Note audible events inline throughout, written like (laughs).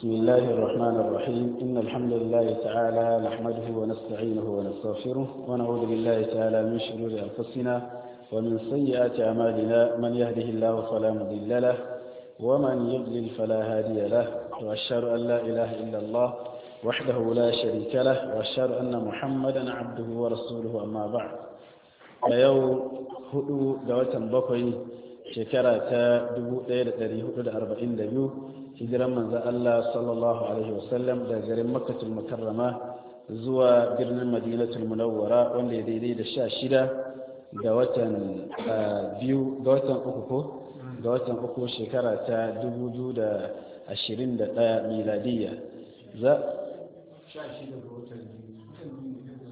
بسم الله الرحمن الرحيم إن الحمد لله تعالى نحمده ونستعينه ونستغفره ونعوذ بالله تعالى من شرور أنفسنا ومن سيئات أعمالنا من يهده الله فلا مضل له ومن يضلل فلا هادي له وأشهد أن لا إله إلا الله وحده لا شريك له وأشهد أن محمدا عبده ورسوله أما بعد فيوم هدو دوة بقي شكرة 1442 hijiran manzan Allah sallallahu alaihi wasallam da garin makkatul mukarrama zuwa birnin madinatul munawwara wanda ya daidai da sha shida ga watan biyu ga watan uku ko ga watan uku shekara ta dubu biyu da ashirin da ɗaya miladiyya za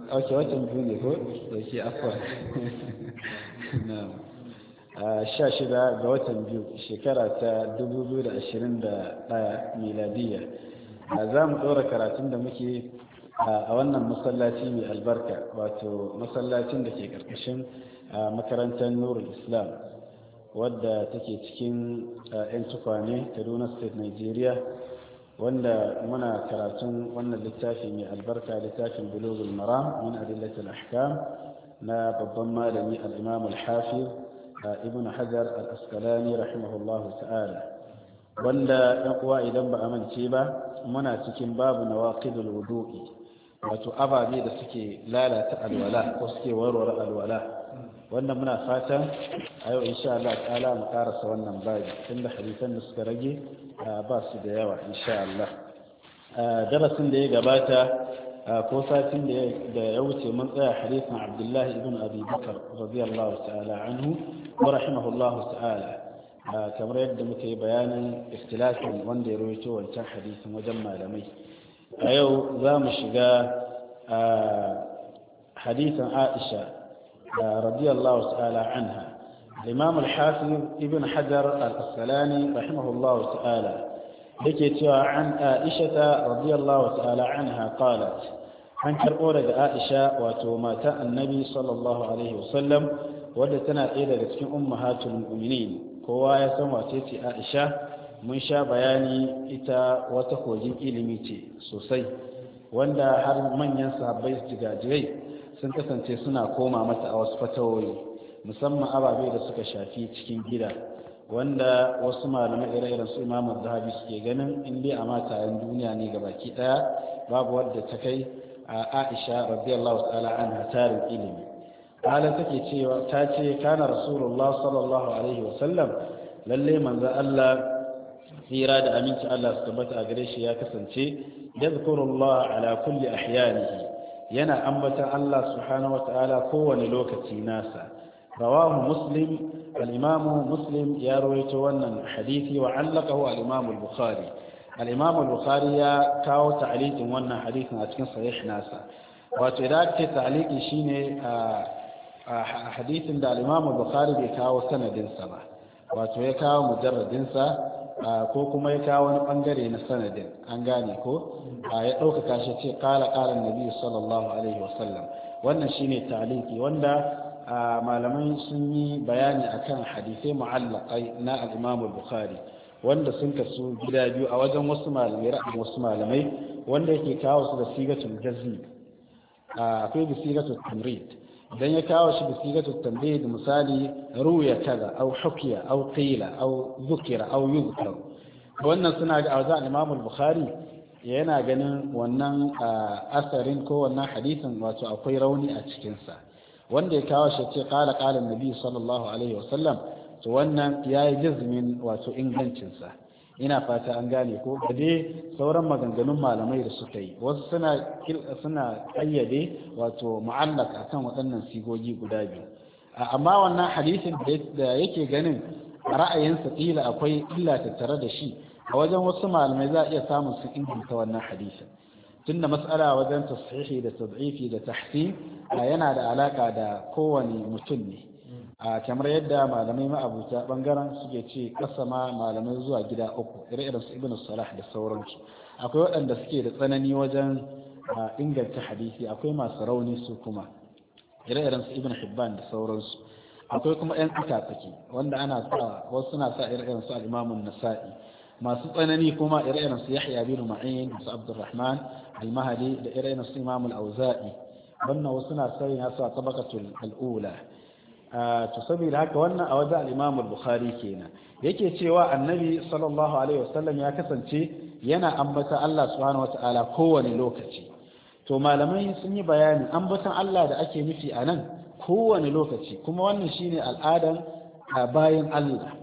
ok watan biyu ne ko da ke afuwa 16 ga watan biyu shekara ta 2021 miladiyya za mu ɗora karatun da muke a wannan masallaci mai albarka wato masallacin da ke ƙarƙashin makarantar nurul islam wadda take cikin 'yan tukwane kaduna state nigeria wanda muna karatun wannan littafi mai albarka littafin bulogul maram min adillatul ahkam na babban malami al-imam al-hafiz ibn hajar al askalani rahimahullahu ta'ala wanda ɗan uwa idan ba amince ba muna cikin babu nawaqidul wudu'i wato ababe da suke lalata alwala ko suke warware alwala wannan muna fatan a yau insha Allah ta'ala mu karasa wannan babi tunda hadisan da suka rage ba su da yawa insha Allah darasin da ya gabata ko satin da ya wuce mun tsaya hadisin Abdullahi ibn Abi Bakar radiyallahu ta'ala anhu wa rahimahullahu ta'ala ah, kamar yadda muka yi bayanin ikhtilafin wanda ya rawaito wancan hadisin wajen malamai a yau za mu shiga ah, hadisin aisha ah, radiyallahu ta'ala anha imam al-hafiz ibn hajar al-asqalani rahimahullahu ta'ala yake cewa an aisha radiyallahu ta'ala anha qalat an karɓo daga aisha wato mata annabi sallallahu alaihi wasallam wadda tana ɗaya daga cikin umma ummahatul mu'minin kowa ya san wace ce Aisha mun sha bayani ita wata kogin ilimi ce sosai wanda har manyan sahabbai jigajirai sun kasance suna koma mata a wasu fatawoyi musamman ababe da suka shafi cikin gida wanda wasu malamai ire-iren su imamu zahabi suke ganin in dai a matayen duniya ne ga baki daya babu wadda ta kai a aisha radiyallahu ta'ala an tarin ilimi ala take cewa ta ce kana rasulullah sallallahu alaihi wasallam lalle manzo Allah tsira da aminci Allah su tabbata a gare shi ya kasance yadhkurullah ala kulli ahyanihi yana ambata Allah subhanahu wataala kowane lokaci nasa rawahu muslim al-imam muslim ya rawaito wannan hadisi wa allaqahu al-imam al-bukhari al-imam al-bukhari ya kawo ta'liqin wannan hadisin a cikin sahih nasa wato idan ake ta'liqi shine ah, a hadisin da alimamu bukhari bai kawo sanadinsa ba wato ya kawo mujarradinsa ko kuma ya kawo wani bangare na sanadin an gane ko ya ɗaukaka shi ce ƙala ƙalan nabi sallallahu alaihi wasallam wannan shine taliki wanda malamai sun yi bayani akan hadisai mu'allaqai na al-imamu bukhari wanda sun kasu gida biyu a wajen wasu malamai ra'ayin wasu malamai wanda yake kawo su da sigatul jazmi akwai da sigatul tamrid dan ya kawo shi bisigatu tambayi da misali ruya kaza au hukiya au qila au zukira au yuzkar wannan suna ga auza al-imam al-bukhari yana ganin wannan asarin ko wannan hadisin wato akwai rauni a cikinsa wanda ya kawo shi ce kala kala nabi sallallahu alaihi wasallam to wannan ya yi jazmin wato ingancinsa ina fata an gane ko da dai sauran maganganun malamai da suka yi wasu suna suna ayyade wato mu'allaq akan waɗannan sigogi guda biyu amma wannan hadisin da yake ganin ra'ayinsa kila akwai illa tattare da shi a wajen wasu malamai za a iya samun su inganta wannan hadisin tunda mas'ala wajen tashihi da tad'ifi da tahsin yana da alaka da kowane mutum ne a kamar yadda malamai ma'abuta bangaren suke ce ma malamai zuwa gida uku ire-iren su ibn salah da sauransu akwai waɗanda suke da tsanani wajen inganta hadisi akwai masu rauni su kuma ire-iren su ibn hibban da sauransu akwai kuma yan tsaki wanda ana sa wasu suna sa ire-iren su al-imamun nasa'i masu tsanani kuma ire-iren su yahya bin ma'in da su abdurrahman al-mahdi da ire-iren su imam al-auza'i wannan wasu na sai yana sa tabaqatul al-ula to saboda haka wannan a wajen al bukhari kenan yake cewa annabi sallallahu alaihi wasallam ya kasance yana ambata Allah subhanahu wataala kowane lokaci to malamai sun yi bayani ambatan Allah da ake nufi a nan kowane lokaci kuma wannan shine al'adan bayan Allah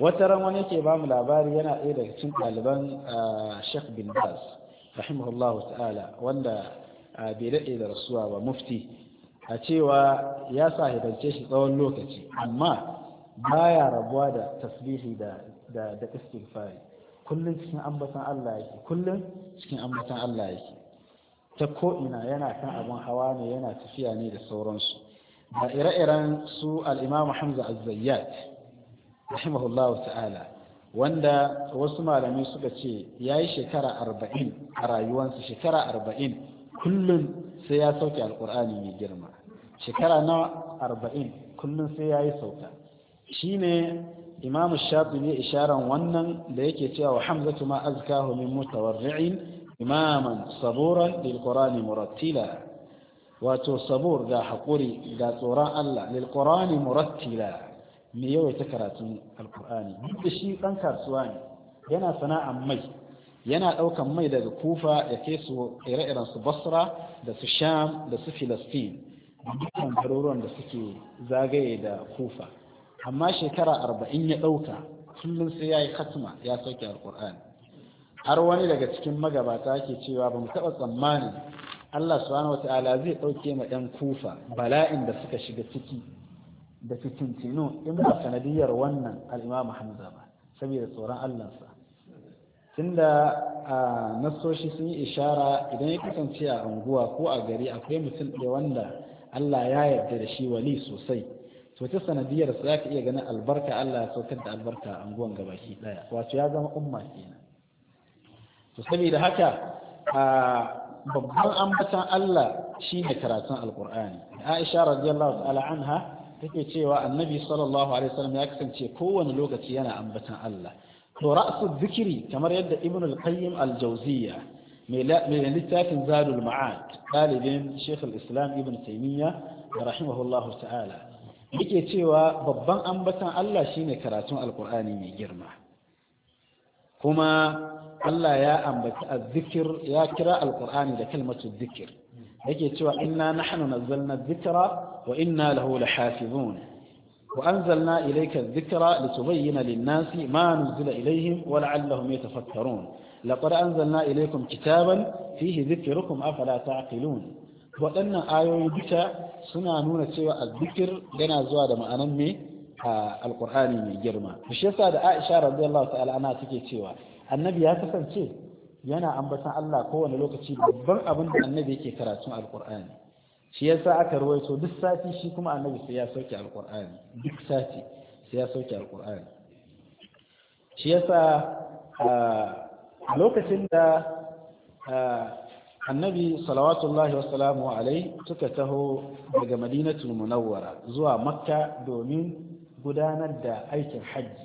wata ran wani yake bamu labari yana ɗaya daga cikin ɗaliban Sheikh bin Baz rahimahullahu ta'ala wanda bai daɗe da rasuwa ba mufti a cewa ya sahibance shi tsawon lokaci amma baya rabuwa da tasbihi da da istighfari kullun cikin ambatan Allah yake Kullum cikin ambatan Allah yake ta ko ina yana kan abin hawa ne yana tafiya ne da sauransu da ire-iren su al-Imam Hamza Az-Zayyat rahimahullah ta'ala wanda wasu malamai suka ce ya yi shekara arba'in a rayuwarsa shekara arba'in kullum sai ya sauke alqur'ani mai girma shekara na arba'in kullum sai ya yi sauka shi ne imam shafi ne isharan wannan da yake cewa wa hamzatu ma azkahu min mutawarri'in imaman saburan lil murattila wato sabur ga haƙuri ga tsoron Allah lil murattila mai yawai yawaita karatun alkur'ani duk da shi ɗan kasuwa ne yana sana'an mai yana ɗaukan mai daga kufa ya kai su ire-iren su basra da su sham da su filastin dukkan garuruwan da suke zagaye da kufa amma shekara arba'in ya ɗauka kullum sai ya yi khatma ya sauke alƙur'ani har wani daga cikin magabata ke cewa ba mu taɓa tsammanin Allah subhanahu ta'ala zai ɗauke ma ɗan kufa bala'in da suka shiga ciki da fitintinu in ba sanadiyar wannan al'imamu hamza ba saboda tsoron sa. tunda a nasoshi sun yi ishara idan ya kasance a unguwa ko a gari akwai mutum ɗaya wanda Allah ya yarda da shi wali sosai to ta sanadiyar sa zaka iya ganin albarka Allah ya saukar da albarka a anguwan gabaki daya wato ya zama umma kenan to saboda haka a babban ambatan Allah shine karatun alqur'ani Aisha radiyallahu ta'ala anha take cewa annabi sallallahu alaihi wasallam ya kasance kowane lokaci yana ambatan Allah to ra'su zikiri kamar yadda ibnu al-qayyim al-jawziyya mai littafin zadul ma'ad ɗalibin shekul islam ibn taimiyya da rahimahullahu ta'ala yake cewa babban ambatan allah shine karatun alkur'ani mai girma kuma allah ya ambaci azzikir ya kira alkur'ani da kalmatu zikir yake cewa inna nahnu nazzalna zikira wa inna lahu lahafizun wa anzalna ilayka dhikra litubayyana lin-nasi ma nuzila ilayhim wa la'allahum yatafakkarun laqad anzalna ilaykum kitaban fihi dhikrukum afala ta'qilun waɗannan ayoyi duka suna nuna cewa azzikir yana zuwa da ma'anan me a alqur'ani mai girma shi yasa da Aisha radiyallahu ta'ala ana take cewa annabi ya kasance yana ambatan Allah kowane lokaci babban abin da annabi yake karatun alqur'ani shi yasa aka ruwaito duk sati shi kuma annabi sai ya sauke alqur'ani duk sati sai ya sauke alqur'ani shi yasa a lokacin da eh, annabi salawatullahi wasalamu alai suka taho daga madinatul munawwara zuwa makka domin gudanar da aikin hajji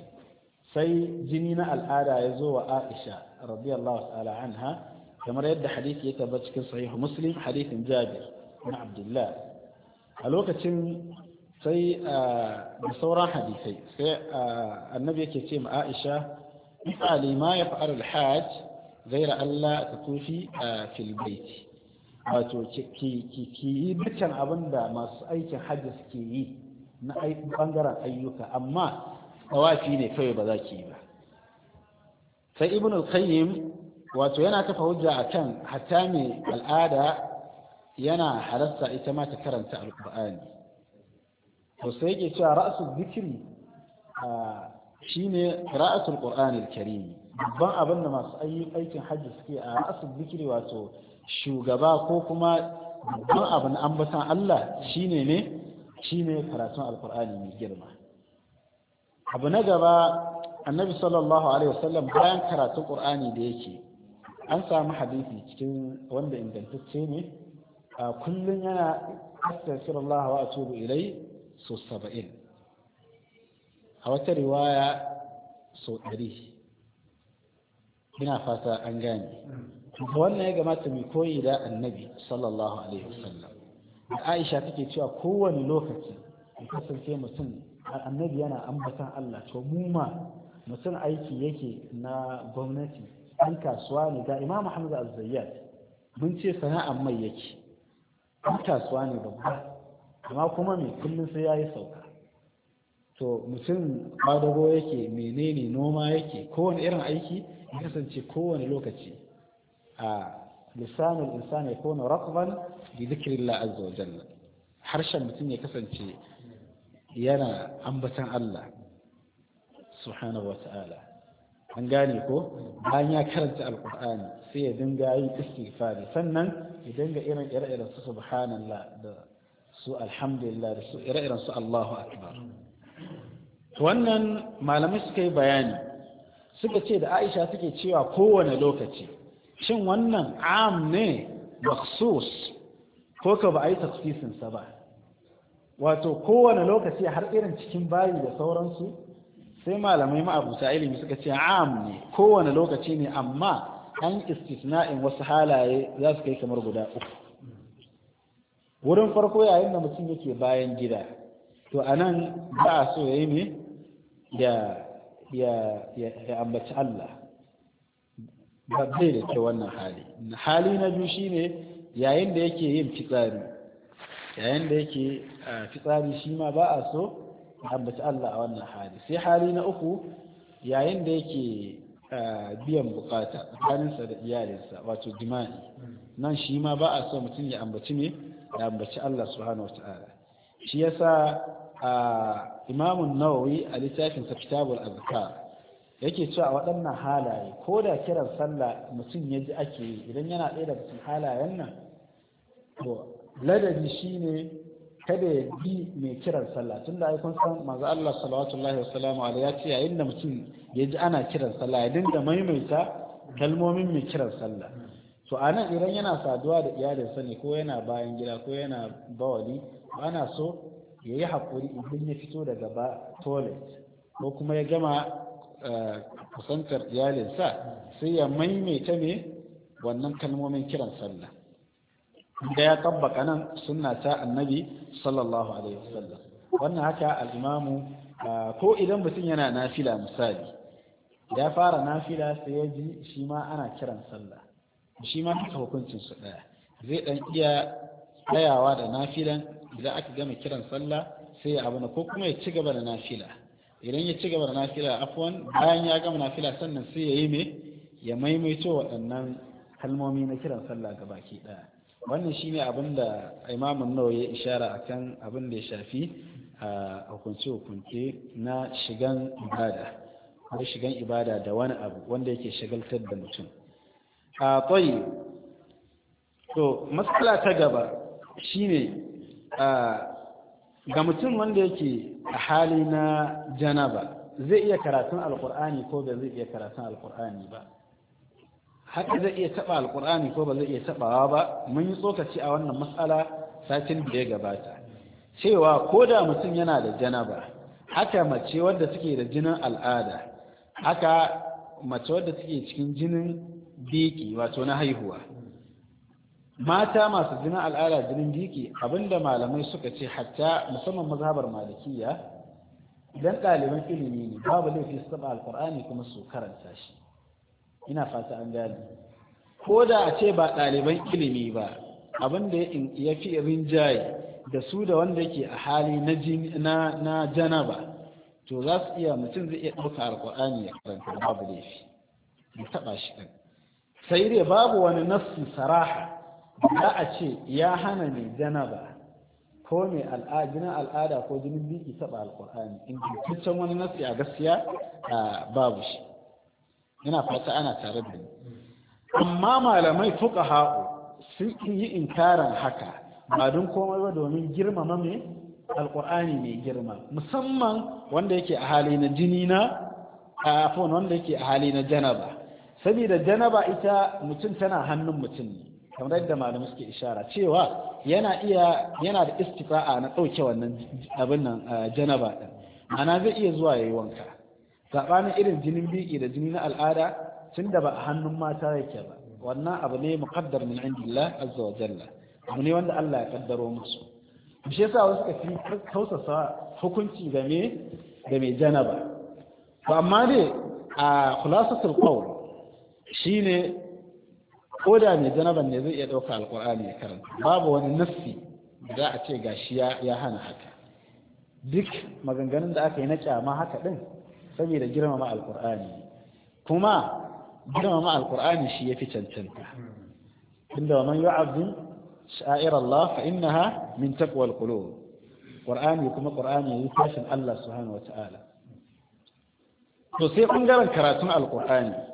sai jini na al'ada ya zo wa aisha radiyallahu ta'ala anha kamar yadda hadisi ya taba cikin sahihu muslim hadisin jabir na abdullah a lokacin sai eh, da sauran hadisai sai eh, annabi yake ce ma aisha misali ma ya fa'ar alhaj gaira Allah ta tufi a filbaiti wato ki yi dukkan abin da masu aikin hajji suke yi na bangaren ayyuka amma tsawafi ne kawai ba za ki yi ba sai ibn al-qayyim wato yana kafa hujja kan hatta mai al'ada yana halarta ita ma ta karanta al-qur'ani to sai yake cewa ra'su dhikri shine qira'atul qur'anil karimi babban abin da masu aikin hajji suke a asib zikiri wato shugaba ko kuma babban abin ambatan Allah shine ne ne karatun alqur'ani mai girma abu na gaba annabi sallallahu alaihi wasallam bayan karatun qur'ani da yake an samu hadisi cikin wanda ingantacce ne a kullum yana astaghfirullah wa atubu ilai su saba'in a wata riwaya sau ɗari ina fata an gane wannan ya gamata mai koyi da annabi sallallahu alaihi wasallam da aisha take cewa kowane lokaci ya kasance mutum annabi yana ambatan allah to mu ma mutum aiki yake na gwamnati an kasuwa ne ga imam Al-Zayyad? mun ce sana'an mai yake an kasuwa ne babba amma kuma mai kullum sai ya yi sauka to mutum kwadago yake menene noma yake kowane irin aiki ya kasance kowane lokaci a lisanul insan ya kona raqban bi dhikrillah azza wa jalla harshen mutum ya kasance yana ambatan Allah subhanahu wa ta'ala an gane ko bayan ya karanta alkur'ani sai ya dinga yin istighfari sannan ya dinga irin ire-iren su subhanallah da su alhamdulillah da su ire-iren su Allahu akbar wannan malamai suka yi bayani suka ce da aisha suke cewa kowane lokaci shin wannan am ne maksus ko ka ba a yi tafsisinsa ba wato kowane lokaci har irin cikin bayi da sauransu sai malamai ma'abuta ilimi suka ce am ne kowane lokaci ne amma an istisna'in wasu halaye za su kai kamar guda uku wurin farko yayin da mutum yake bayan gida to a nan ba a so ya yi ne ya ambaci Allah ba zai da ke wannan hali hali na biyu ne yayin da yake yin fitsari yayin da yake fitsari shi ma ba a so ya ambaci Allah a wannan hali sai hali na uku yayin da yake biyan bukata tsakaninsa da iyalinsa wato jima'i nan shi ma ba a so mutum ya ambaci ne ya ambaci Allah subhanahu wa ta'ala shi yasa imamun nawawi a littafin sa kitabul azkar yake cewa waɗannan halaye ko da kiran sallah mutum ya ji ake yi idan yana ɗaya cikin halayen nan to ladabi shine kada ya bi mai kiran sallah tun da aikun san maza Allah salawatullahi wa ya ce yayin da mutum ya ji ana kiran sallah ya dinga maimaita kalmomin mai kiran sallah to a nan idan yana saduwa da iyalinsa ne ko yana bayan gida ko yana bawali ana so ya yi haƙuri idan ya fito daga ba toilet ko kuma ya gama eh, kusantar iyalinsa sai ya maimaita ne wannan kalmomin kiran sallah da ya tabbaka nan sunna ta annabi sallallahu alaihi wasallam wannan haka al'imamu eh, ko idan mutum yana nafila misali ya fara nafila sai ya ji shi ma ana kiran sallah shi ma haka hukuncin su ɗaya zai ɗan iya tsayawa da nafilan idan aka gama kiran sallah sai ya abuna ko kuma ya ci gaba da nafila idan ya ci gaba da nafila afwan bayan ya gama nafila sannan sai ya yi mai ya maimaito waɗannan kalmomi na kiran sallah ga baki ɗaya wannan shi ne abin da imamun nawa ya ishara a kan abin da ya shafi a hukunce-hukunce na shigan ibada har shigan ibada da wani abu wanda yake shagaltar da mutum a ƙwai to matsala ta gaba shi ne. ga mutum wanda yake a hali na janaba zai iya karatun alkur'ani ko ba zai iya karatun alkur'ani ba haka zai iya taba alkur'ani ko ba zai iya tabawa ba mun yi tsokaci a wannan matsala satin da ya gabata cewa ko da mutum yana da janaba haka mace wadda suke da jinin al'ada haka mace wadda suke cikin jinin biki wato na haihuwa mata masu jinin al'ada jinin biki abinda malamai suka ce hatta musamman mazhabar malikiya idan ɗaliban ilimi ne babu laifi su taɓa alƙur'ani kuma su karanta shi ina fata an gane ko da a ce ba ɗaliban ilimi ba abinda ya fi rinjaye da su da wanda yake a hali na na janaba to za su iya mutum zai iya ɗauka alƙur'ani ya karanta babu laifi ya taɓa shi ɗin sai dai babu wani nassi saraha za a ce ya hana mai janaba ko mai al'adina al'ada ko jinin biki saba alkur'ani ingantaccen wani nasi a gaskiya babu shi yana fata ana tare da ni amma malamai fuka ha'u sun yi inkaran haka ba don komai ba domin girmama mai alkur'ani mai girma musamman wanda yake a hali na jini na a wanda yake a hali na janaba saboda janaba ita mutum tana hannun mutum ne kamar yadda malamu suke ishara cewa yana iya yana da istifa'a na ɗauke wannan abin nan eh, janaba ɗin ana zai iya zuwa ya yi wanka saɓanin irin jinin biki da jini na al'ada tun da ba a hannun mata yake ba wannan abu ne muqaddar min indillah azza wa jalla abu ne wanda Allah ya kaddaro musu shi yasa wasu ka fi kausasa hukunci game da mai janaba to amma dai a khulasatul qawl shine ko da mai janaban ne zai iya ɗauka alƙur'ani ya karanta babu wani nassi za a ce gashi ya hana haka duk maganganun da aka yi na kyama haka ɗin saboda girmama alƙur'ani kuma girmama alƙur'ani shi ya fi cancanta inda wa man yu'azzim sha'ir Allah fa innaha min taqwal qulub qur'ani kuma qur'ani yayi tashin Allah subhanahu wata'ala to sai bangaren karatun alƙur'ani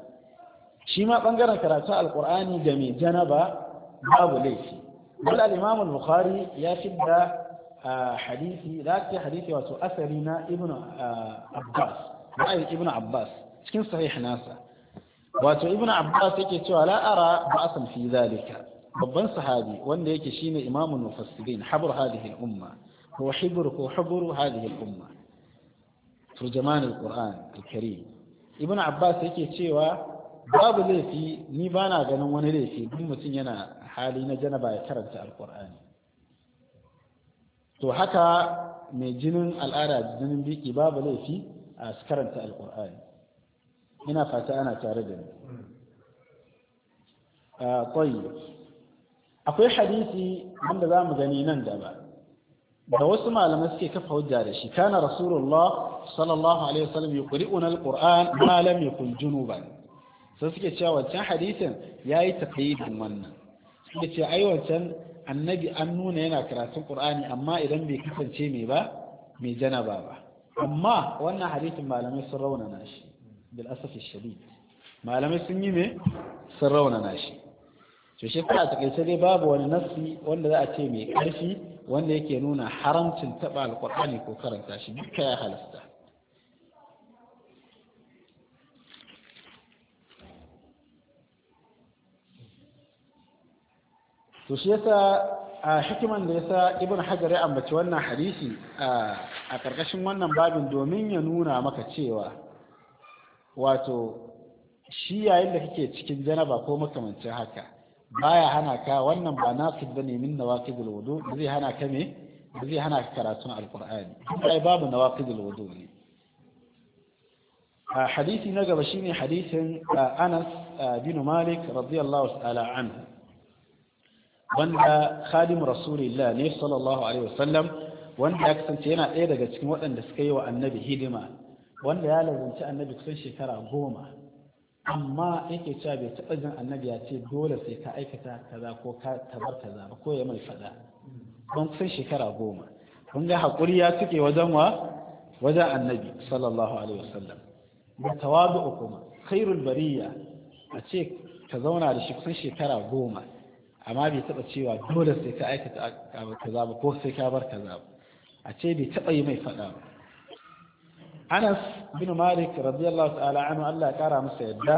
shi ma bangaren karatu alkur'ani da mai janaba babu laifi Wani al-imam bukhari ya shidda hadisi da ake hadisi wato asari na ibn abbas ra'ayin ibn abbas cikin sahih nasa wato ibn abbas yake cewa la ara ba'san fi zalika babban sahabi wanda yake shine imamul mufassirin habr hadhihi al-umma ko هو حبر هو حبر هذه الأمة ترجمان القرآن الكريم ابن عباس يكي cewa. babu laifi ni ba na ganin wani laifi duk mutum yana hali na janaba ya karanta alkur'ani to haka mai jinin al'ada jinin biki babu laifi a karanta alkur'ani ina fata ana tare da ni akwai hadisi wanda za mu gani nan gaba da wasu malamai suke kafa hujja da shi kana rasulullah sallallahu alaihi wasallam yuqri'una alquran ma lam yakun junuban sai suke cewa wancan hadisin ya yi taƙaidin wannan suke ce ai wancan annabi an nuna yana karatun ƙur'ani amma idan bai kasance mai ba mai janaba ba amma wannan hadisin malamai sun raunana shi bil asafi shadid malamai sun yi me sun raunana shi to shi ta takaice dai babu wani nassi wanda za a ce mai ƙarfi wanda yake nuna haramcin taɓa alƙur'ani ko karanta shi duka ya halasta to shi yasa a hikiman da yasa ibn hajar ya ambaci wannan hadisi a karkashin wannan babin domin ya nuna maka cewa wato shi yayin da kake cikin janaba ko makamancin haka baya hana ka wannan ba na su bane min na wasu gulwado zai hana ka me zai hana ka karatun alkur'ani ai babu na wasu gulwado ne hadisi na gaba shine hadisin Anas bin Malik radiyallahu ta'ala anhu wanda khadim rasulillah ne sallallahu alaihi wasallam wanda ya kasance yana ɗaya daga cikin waɗanda suka yi wa annabi hidima wanda ya lazanci annabi kusan shekara goma amma yake cewa bai taɓa jin annabi ya ce dole sai ka aikata kaza ko ka tabar kaza ba ko ya mai faɗa don kusan shekara goma kun ga haƙuri ya tuke wajen wa wajen annabi sallallahu alaihi wasallam da tawadu kuma khairul bariya a ce ka zauna da shi kusan shekara goma amma bai taɓa cewa dole sai ka aikata kaza ba ko sai ka bar kaza ba a ce bai taɓa yi mai faɗa ba Anas bin Malik radiyallahu ta'ala anhu Allah ya kara masa yadda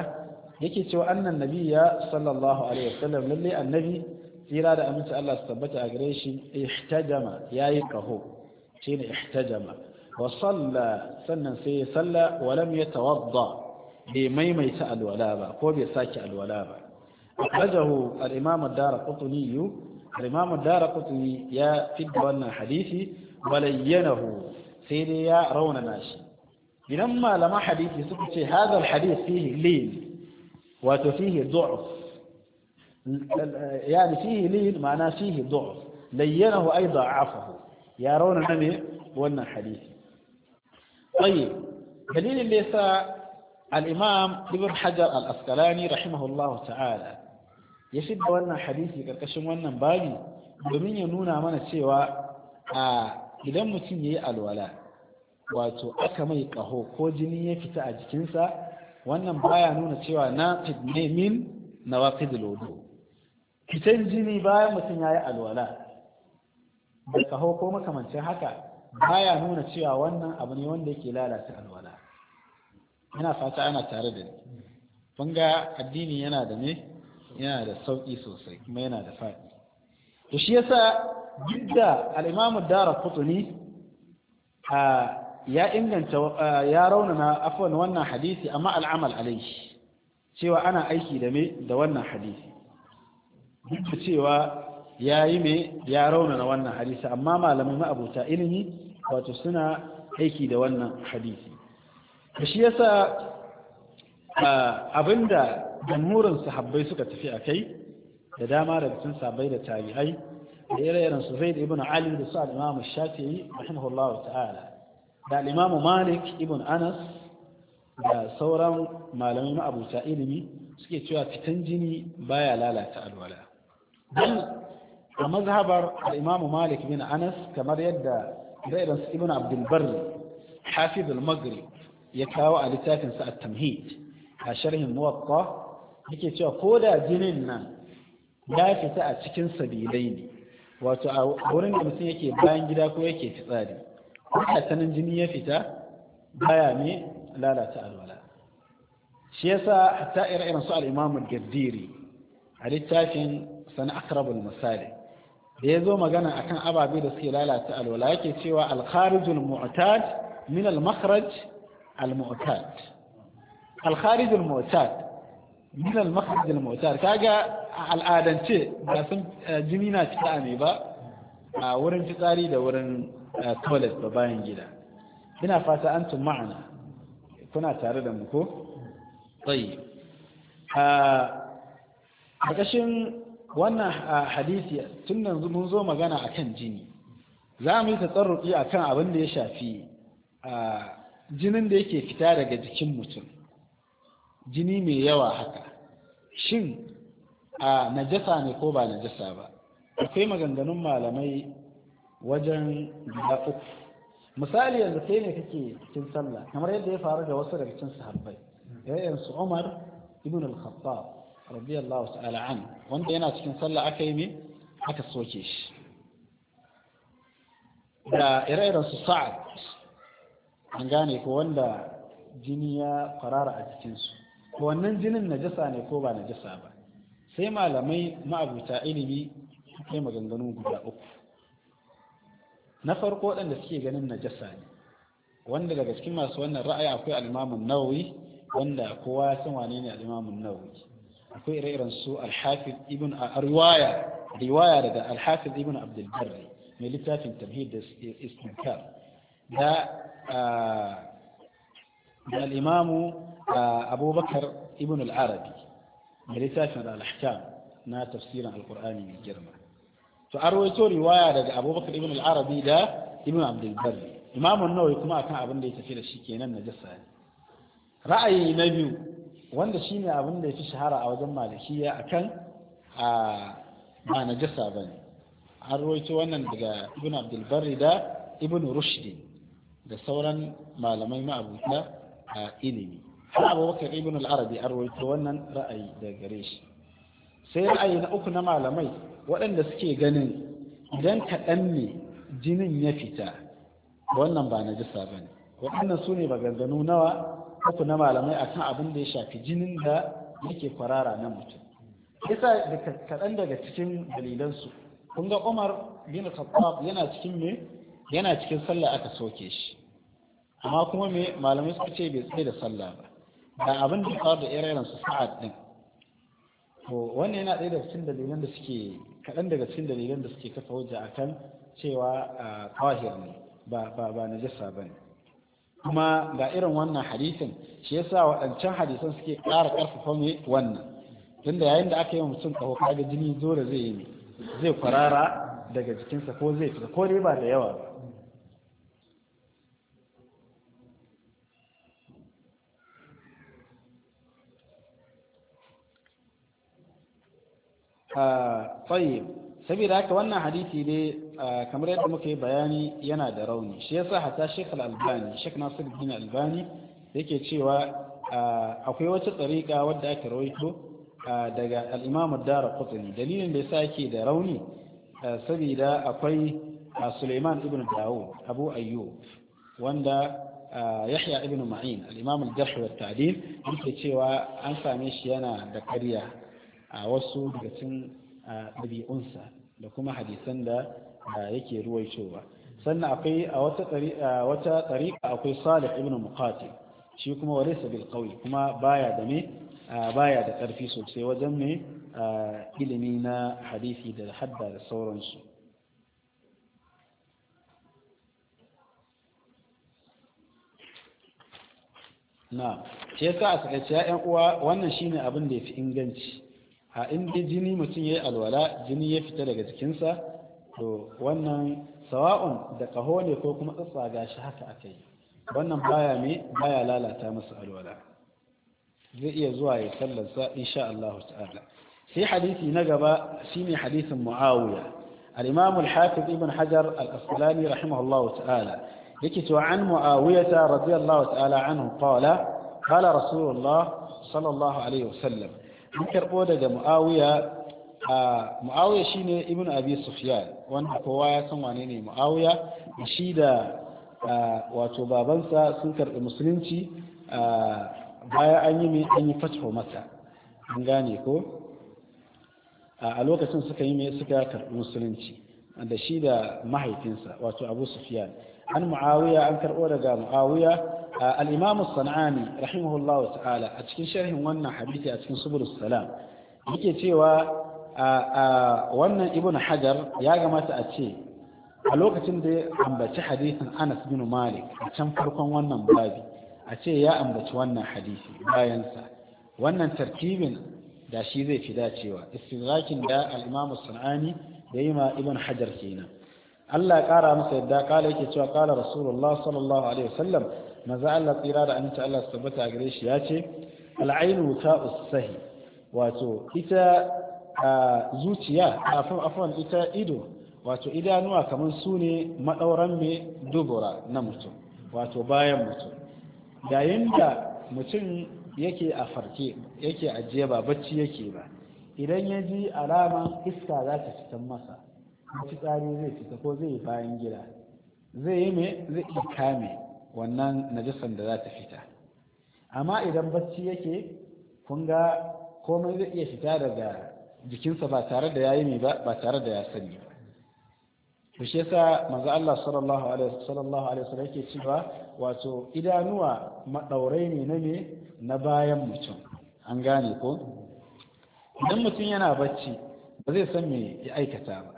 yake cewa annan nabiyya sallallahu alaihi wasallam lalle annabi tsira da aminci Allah su tabbata a gare shi ihtajama yayi kaho shine ihtajama wa salla sannan sai ya salla wa lam yatawadda bai maimaita alwala ba ko bai sake alwala ba أخرجه الإمام الدار قطني الإمام الدار قطني يا في الدوانا حديثي ولينه يا رون ناشي لما لما حديثي سكتي هذا الحديث فيه لين وتفيه ضعف يعني فيه لين معناه فيه ضعف لينه أي ضعفه يا رون نمي وانا حديث طيب دليل اللي يسا الإمام ابن حجر الأسقلاني رحمه الله تعالى ya fidda wannan hadisi karkashin wannan babi domin ya nuna mana cewa a idan mutum ya yi alwala wato aka mai kaho ko jini ya fita a jikinsa wannan baya nuna cewa na fitnemin na waƙid lodo fitan jini bayan mutum ya yi alwala da kaho ko makamancin haka baya nuna cewa wannan abu ne wanda yake lalata alwala Yana fata ana tare da ni kun ga addini yana da ne yana da sauƙi sosai kuma yana da faɗi to shi yasa duk da al'imamu dara kutuni ya inganta ya raunana wannan hadisi amma al'amal alaihi cewa ana aiki da me da wannan hadisi duk da cewa ya yi me ya raunana wannan hadisi amma malamai ma'abuta ilimi wato suna aiki da wannan hadisi shi yasa abinda jamhurin sahabbai suka tafi a kai da dama da cikin sahabbai da tabi'ai da ire su zai da ibn ali da su al-imam shafi'i rahimahullahu ta'ala da al-imam malik ibn anas da sauran malamai ma'abuta ilimi suke cewa fitan jini baya lalata alwala dan a mazhabar al-imam malik bin anas kamar yadda ire su ibn abdul barri hafiz al-maghrib ya kawo a littafinsa at-tamhid a sharhin muwatta yake cewa ko da jinin nan ya fita a cikin sabilai ne wato a wurin da mutum yake bayan gida ko yake fitsari ko a tanin jini ya fita baya ne lalata alwala shi yasa hatta ire-iren su al-Imam gaddiri a littafin sana akrabul misali da ya zo magana akan ababe da suke lalata alwala yake cewa al-kharijul mu'tad min al-makhraj al-mu'tad al-kharijul mu'tad min al-makhraj al-mu'tar kaga al'adance ba sun jini na cika ne ba a wurin fitsari da wurin toilet ba bayan gida ina fata an tun ma'ana kuna tare da mu ko tsayi a ƙashin wannan hadisi tun nan mun zo magana akan jini za mu yi tsarruki akan abin da ya shafi jinin da yake fita daga jikin mutum jini mai yawa haka shin a najasa ne ko ba najasa ba akwai maganganun malamai wajen guda uku misali yanzu kai ne kake cikin sallah kamar yadda ya faru da wasu daga cikin sahabbai yayin su Umar ibn al-Khattab radiyallahu ta'ala an wanda yana cikin sallah aka yi me aka soke shi da ire-iren su Sa'ad an gane ko wanda jini ya farara a jikinsu wannan jinin najasa ne ko ba najasa ba sai malamai ma'abuta ilimi kai maganganu guda uku na farko waɗanda suke ganin najasa ne wanda daga cikin masu wannan ra'ayi akwai al'imamun nawawi wanda kowa ya san wane ne al'imamun nawawi akwai ire-iren su alhafiz ibn a riwaya daga alhafiz ibn abdul barri mai littafin tamhid da istinkar da ah, da al'imamu abubakar ibn al-arabi mai littafin al-ahkam na tafsirin alkur'ani mai girma to an rawaito riwaya daga abubakar ibn al-arabi da ibn abdul barri imamun kuma akan abin da ya tafi da shi kenan na jasa ne ra'ayi na biyu wanda shine abin da ya fi shahara a wajen malikiya akan a ba na jasa ba ne an rawaito wannan daga ibn abdul da ibn rushdi da sauran malamai ma'abuta a ilimi har abubakar ibn al-arabi wannan ra'ayi da gare shi sai ra'ayi na uku na malamai waɗanda suke ganin idan kaɗan ne jinin ya fita wannan ba na jisa ba ne waɗannan su ne maganganu nawa uku na malamai akan abin da ya shafi jinin da yake kwarara na mutum yasa da kaɗan daga cikin dalilansu kun ga umar bin khattab yana cikin me yana cikin sallah aka soke shi amma kuma me malamai suka ce bai tsaye da sallah ba da abin da kawar da irin su sa'ad din to wannan yana ɗaya daga cikin dalilan da suke kaɗan daga cikin dalilan da suke kafa hujja akan cewa kawahir ne ba ba ba ne? bane kuma ga irin wannan hadisin shi ya sa waɗancan hadisan suke ƙara ƙarfafa mai wannan tunda yayin da aka yi mutum ka kaga jini dole zai yi zai kwarara daga jikinsa ko zai fita ko dai ba da yawa ba Ah, tsayi saboda haka wannan hadisi ne ah, kamar yadda muka yi bayani yana da rauni shi yasa hata shekh al-albani shekh nasir bin albani yake cewa ah, akwai wata tsarika wadda aka rawaito daga al-imam ad-dara dalilin da yasa yake da rauni saboda akwai Suleiman ibn Dawud Abu Ayyub wanda Yahya ibn Ma'in al-imam al-jarh wa at-ta'dil yake cewa an same shi yana da ƙarya a wasu daga cin ɗabi'unsa da kuma hadisan da yake ruwaitowa sannan akwai a wata tsarika akwai salih ibn muqatil shi kuma wa laysa bil kuma baya da ne baya da ƙarfi sosai wajen ne ilimi na hadisi da hadda da sauransu na ce yasa a takaice ya uwa wannan shine abin da ya fi inganci a inda jini mutum ya yi alwala jini ya fita daga jikinsa to wannan sawa'un da kaho ne ko kuma tsasa shi haka aka yi wannan baya me baya lalata masa alwala zai iya zuwa ya sallarsa insha Allah ta'ala sai hadisi na gaba shine hadisin Muawiya al-Imam al Ibn Hajar al-Asqalani rahimahullah ta'ala yake cewa an Muawiya radiyallahu ta'ala anhu qala ala Rasulullah sallallahu alaihi wasallam an karɓo daga mu'awiya a mu'awiya shine ibn abi sufyan wanda kowa ya san wane ne mu'awiya shi da wato babansa sun karɓi musulunci baya an yi mai an yi fatho masa an gane ko a lokacin suka yi mai suka karɓi musulunci da shi da mahaifinsa wato abu sufyan an mu'awiya an karɓo daga mu'awiya al-imam as-sanani rahimahullahu ta'ala a cikin sharhin wannan hadisi a cikin subul salam yake cewa wannan ibn hajar ya gamata a ce a lokacin da ya ambaci hadisin anas bin malik a can farkon wannan babi a ce ya ambaci wannan hadisi bayansa wannan tartibin da shi zai fi dacewa istirakin da al sanani da yi ma ibn hajar kenan Allah ya kara masa yadda kala yake cewa kala rasulullah sallallahu alaihi wasallam maza Allah tsira da aminci Allah su tabbata a gare shi ya ce al'ainu ta usahi wato ita a zuciya afon ita ido wato idanuwa kamar su ne maɗauran mai dubura na mutum wato bayan mutum yayin da mutum yake a farke yake ajiye ba bacci yake ba idan ya ji alaman iska za ta fitan masa tsari zai fita ko zai bayan gida zai yi mai zai kame wannan najasan da za ta fita amma idan bacci yake kun ga komai zai iya fita daga jikinsa ba tare da yi mai ba ba tare da ya sani ba to shi yasa maza Allah sallallahu alaihi sallallahu alaihi wasallam yake cewa wato idanuwa madaurai ne na me na bayan mutum an gane ko idan mutum yana bacci ba zai san me ya aikata ba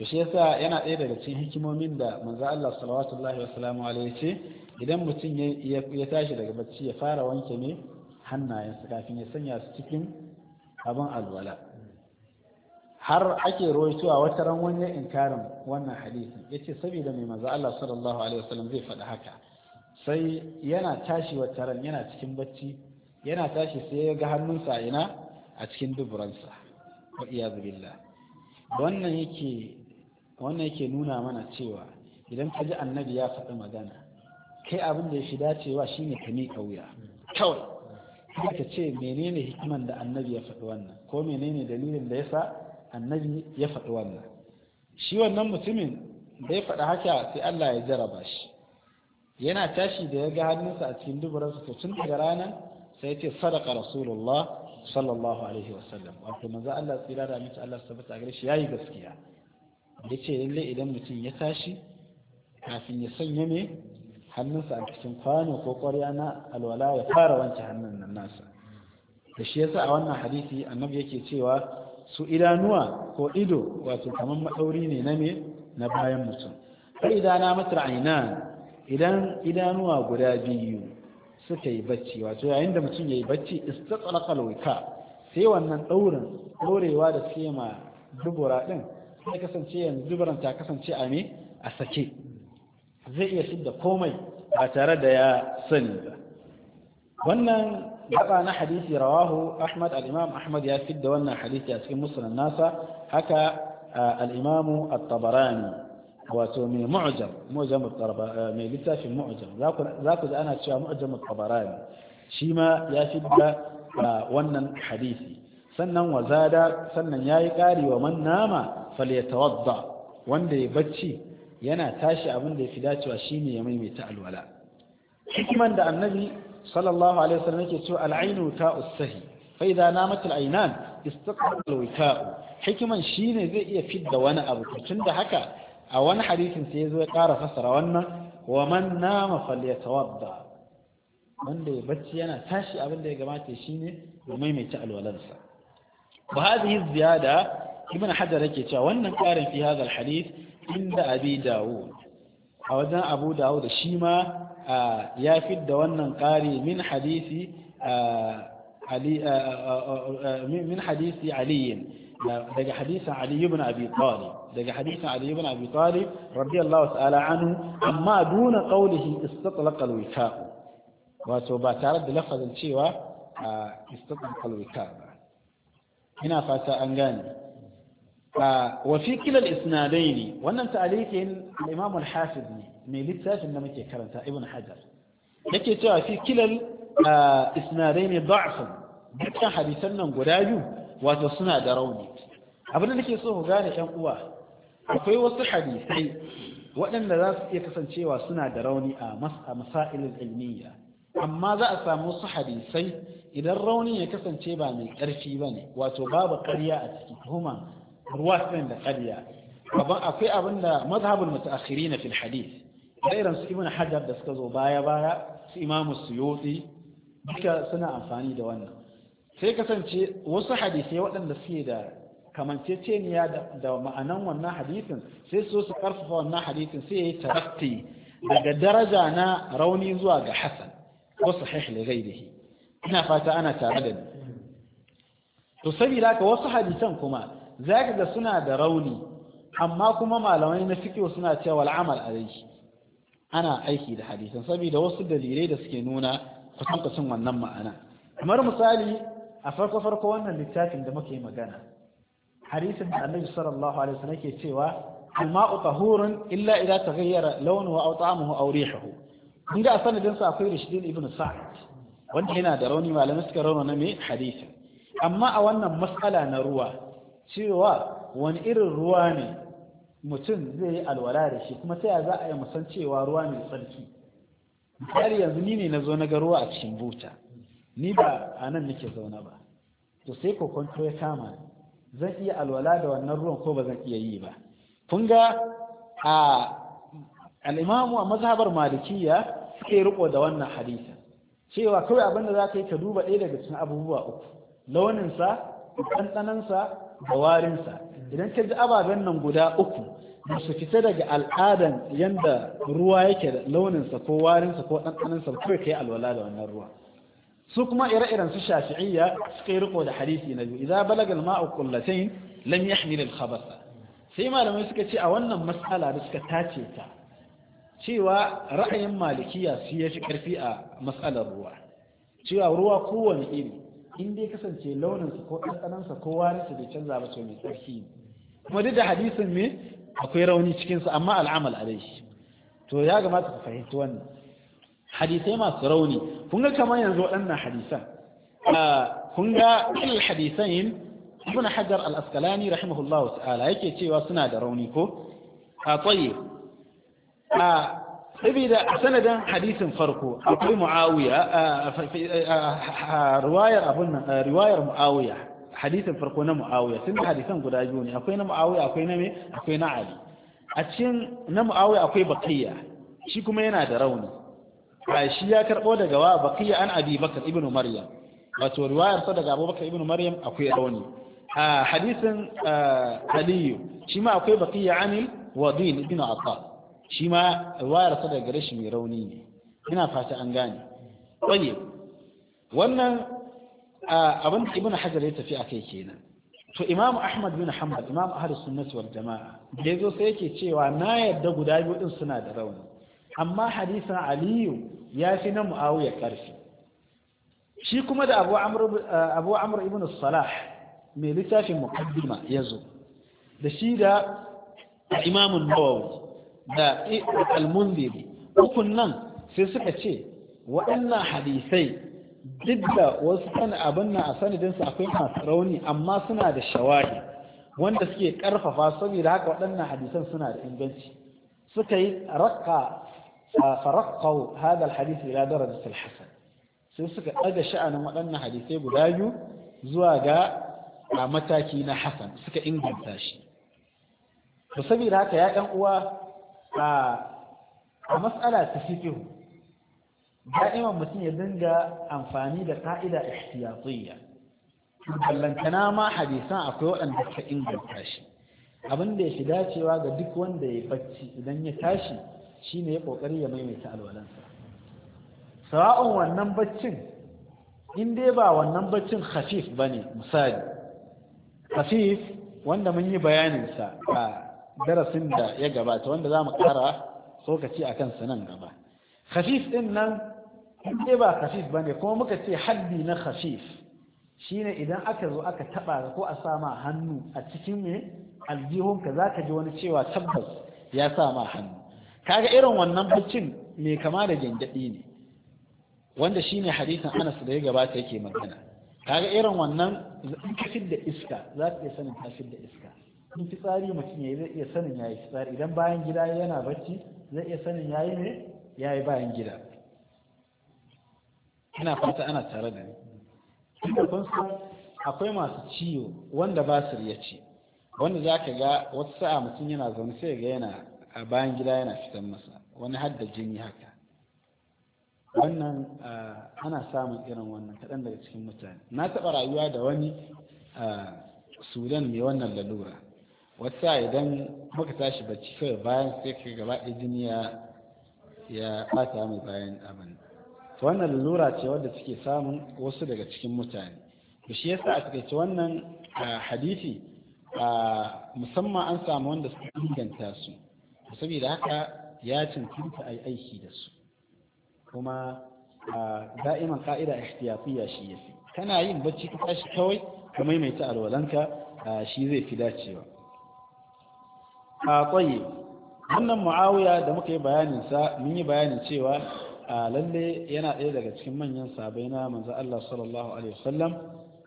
to shi yasa yana ɗaya daga cikin hikimomin da manzo Allah sallallahu alaihi wasallam ya ce idan mutum ya tashi daga bacci ya fara wanke ne hannayensa kafin ya sanya su cikin abin alwala har ake rawaitowa wata ran wani inkarin wannan hadisi yace saboda mai manzo Allah sallallahu alaihi wasallam zai faɗi haka sai yana tashi wata ran yana cikin bacci yana tashi sai ya ga hannunsa ina a cikin duburansa wa Iyazu billah wannan yake wannan yake nuna mana cewa idan ka ji annabi ya faɗi magana kai abin da ya shi dacewa shine ka miƙa wuya kawai kuma ka ce menene hikiman da annabi ya faɗi wannan ko menene dalilin da sa annabi ya faɗi wannan shi wannan mutumin da ya faɗi haka sai Allah ya jaraba shi yana tashi da ya ga hannunsa a cikin duburansa to tun daga rana sai ya ce sadaka rasulullah sallallahu alaihi wasallam wato manzo Allah tsira da mutu Allah subhanahu wa ta'ala yayi gaskiya ya ce lalle idan mutum ya tashi kafin ya sanya ne hannunsa a cikin kwano ko kwarya na alwala ya fara wanke hannun nan nasa da shi yasa a wannan hadisi annabi yake cewa su idanuwa ko ido wato kamar maɗauri ne na me na bayan mutum har idana matar aina idan idanuwa guda biyu suka yi bacci wato yayin da mutum ya yi bacci istatsalakal wika sai wannan ɗaurin ɗorewa da suke ma dubura ɗin sai kasance yanzu dubaran ta kasance a me a sake zai iya fidda komai ba tare da ya sani ba wannan gaba na hadisi rawahu ahmad al-imam ahmad ya fidda wannan hadisi a cikin musulun nasa haka al imamu at-tabarani wato mai mu'jam mu'jam mai littafin mu'jam za ku ji ana cewa mu'jam at-tabarani shi ma ya fidda wannan hadisi sannan wazada sannan yayi kari wa man nama falyatawadda wanda ya bacci yana tashi abin da ya fi dacewa shine ya maimaita alwala hikiman da annabi sallallahu alaihi wasallam yake cewa al'ainu faida sahi fa idza namat al'ainan istaqbal al hikiman shine zai iya fidda wani abu tunda haka a wani hadisin sai yazo ya ƙara fasara wannan wa man nama falyatawadda wanda ya bacci yana tashi abin da ya gamata shine ya maimaita alwalansa wa hadhihi ziyada ibn hajar yake cewa wannan karin fi hadal hadith inda abi dawud a wajen abu dawud shi ma ya fidda wannan kari min hadisi ali min hadisi ali daga hadisin ali ibn abi talib daga hadisin ali ibn abi talib radiyallahu ta'ala anhu amma duna qawlihi istatlaqa al-wika wato ba tare da lafazin cewa istatlaqa al-wika ina fata an gane Wafi kilal kilal isnadaini wannan ta'alikin imam al-hafiz ne mai littafin da muke karanta ibn hajar yake cewa fi kilal isnadaini da'fun dukkan hadisan nan guda biyu wato suna da rauni abin da nake so ku gane yan uwa akwai wasu hadisai waɗanda za su iya kasancewa suna da rauni a masailin ilmiya amma za a samu wasu hadisai idan rauni ya kasance ba mai ƙarfi ba ne wato babu ƙarya a cikin tuhuma ruwa ɗin da ƙarya akwai abin da a mutaakhiri na fil da irin su ibn hajar da suka zo baya baya su imamu suyuti duka suna amfani da wannan sai kasance wasu hadisai waɗanda suke da kamanceceniya da ma'anan wannan hadisin sai su su karfafa wannan hadisin sai yi tarakti daga daraja na rauni zuwa ga hasan ko sahih li ghairihi ina fata ana tare da ni to saboda haka wasu hadisan kuma zaka ga suna da rauni amma kuma malamai na fiqh suna cewa al'amal alayhi ana aiki da hadisan saboda wasu dalilai da suke nuna kusan wannan ma'ana kamar misali a farko farko wannan littafin da muke magana hadisin da Annabi sallallahu alaihi wasallam yake cewa al-ma'u tahurun illa idza taghayyara launuhu aw ta'amuhu aw rihuhu kun ga sanadin sa akwai Rashidin ibn Sa'd wanda yana da rauni malamai suka rauna na me hadisi amma a wannan mas'ala na ruwa cewa wani irin ruwa ne mutum zai yi alwala da shi kuma sai za a yi musan cewa ruwa mai tsarki har yanzu ni ne na zo na ga ruwa a cikin buta ni ba a nan nake zauna ba to sai kokonto ya kama zan iya alwala da wannan ruwan ko ba zan iya yi ba kun ga a al'imamu a mazhabar malikiya suke riko da wannan hadisa cewa kawai abin da za ka yi ka duba ɗaya daga cikin abubuwa uku launinsa ɗanɗanansa da warinsa idan ka ji ababen nan guda uku ba su fita daga al'adan yanda ruwa yake da launinsa ko warinsa ko ɗanɗaninsa kawai ka yi alwala da wannan ruwa su kuma ire-iren su shafi'iyya su kai riko da hadisi na biyu idza balaga al-ma'u qullatayn lam yahmil al-khabatha sai malamai suka ce a wannan mas'ala da suka tace ta cewa ra'ayin malikiya su ya fi karfi a mas'alar ruwa cewa ruwa kowane iri in dai kasance launinsa ko ɗanɗanansa ko warinsa bai canza ba to mai tsarki kuma duk da hadisin me akwai rauni cikinsa amma al'amal alaihi to ya gamata ku fahimci wannan hadisai masu rauni kun ga kamar yanzu waɗannan hadisan ah, kun ga ilal hadisain ibn hajar al-asqalani rahimahullahu ta'ala yake cewa suna da rauni ko a ah, tsaye a ah, saboda a sanadin hadisin farko akwai muawiya riwayar abun riwayar muawiya hadisin farko na muawiya sun da hadisan guda biyu ne akwai na muawiya akwai na me akwai na ali a cikin na muawiya akwai baqiya shi kuma yana da rauni a shi ya karbo daga wa baqiya an abi bakar ibnu maryam wato riwayar sa daga abubakar ibnu maryam akwai rauni a hadisin aliyu shi ma akwai baqiya anil wadin ibnu atta shi ma ruwayarsa daga gare shi mai rauni ne ina fata an gane ƙwaye wannan abin da ibn hajar ya tafi a kai kenan to imam ahmad bin Hamad, imam ahlus sunnati wal jamaa da yazo sai yake cewa na yadda guda biyu din suna da rauni amma hadisan aliyu ya fi na muawiya karfi shi kuma da abu amr ibn salah mai littafin muqaddima yazo da shi da imamun nawawi da al-mundiri ukun nan sai suka ce waɗannan hadisai duk da wasu sani abin na a sanadinsu akwai masu rauni amma suna da shawahi wanda suke ƙarfafa saboda haka waɗannan hadisan suna da inganci suka yi rakka farakkawo hada alhadisi ila darajar sai suka ɗaga sha'anin waɗannan hadisai guda biyu zuwa ga a mataki na hasan suka inganta shi to saboda haka ya ɗan uwa a matsala ta fikihu da'iman mutum ya dinga amfani da ka'ida ihtiyatiyya ballantana ma hadisan akwai waɗanda suka inganta shi abin da ya shiga cewa ga duk wanda ya bacci idan ya tashi shi ne ya kokari ya maimaita alwalansa sawa'un wannan baccin in dai ba wannan baccin khafif bane misali khafif wanda mun yi bayaninsa a darasin da ya gabata wanda za mu ƙara tsokaci a kansa nan gaba khafif ɗin nan ɗai ba khafif ba ne kuma muka ce haddi na khafif shine idan aka zo aka taɓa ka ko a sama hannu a cikin mai aljihunka za ka ji wani cewa tabbas ya sama hannu kaga irin wannan baccin mai kama da gyangyaɗi ne wanda shine hadisin anas da ya gabata yake magana kaga irin wannan in ka da iska za ka iya sanin ka da iska fi tsari mutum yayi zai iya sanin ya yi tsari idan bayan gida yana bacci zai iya sanin ya yi ne yi bayan gida ina fata ana tare da ni inda kun san akwai masu ciwo wanda ba su ce, wanda za ka ga wata sa'a mutum yana zaune sai ga yana a bayan gida yana fitan masa wani hadda jini haka wannan ana samun irin wannan kaɗan daga cikin mutane na taɓa rayuwa da wani sudan mai wannan lalura wata idan muka tashi bacci kawai bayan sai ka gaba jini ya ya bata mai bayan abin wannan lura ce wadda suke samun wasu daga cikin mutane da shi yasa a takaice wannan hadisi musamman an samu wanda suka inganta su saboda haka ya cancanta a aiki da su kuma a da'iman ka'ida a shiyafiya shi yafi kana yin bacci ka tashi kawai ka maimaita alwalanka shi zai fi dacewa a tsaye wannan ma'awiya da muka yi bayaninsa mun yi bayanin cewa a lalle yana ɗaya daga cikin manyan sabai na manzan Allah sallallahu alaihi wasallam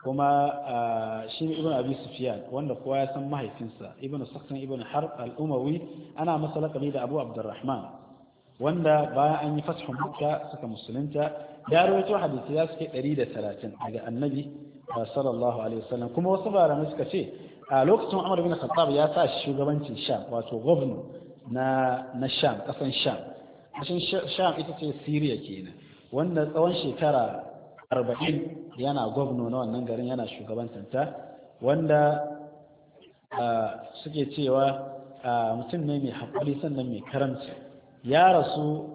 kuma shi ne ibn abi sufyan wanda kowa ya san mahaifinsa ibn saksan ibn har al-umawi ana masa laƙabi da abu abdurrahman wanda bayan an yi fathun makka suka musulunta ya rawaito hadisi ya suke 130 daga annabi sallallahu alaihi wasallam kuma wasu barami suka ce a lokacin Umar bin Khattab ya sa shugabancin Sham wato gwamna na na Sham kasan Sham kasan Sham ita ce Syria kenan wanda tsawon shekara 40 yana gwamna na wannan garin yana shugabancin ta wanda suke cewa mutum ne mai haƙuri sannan mai karamci ya rasu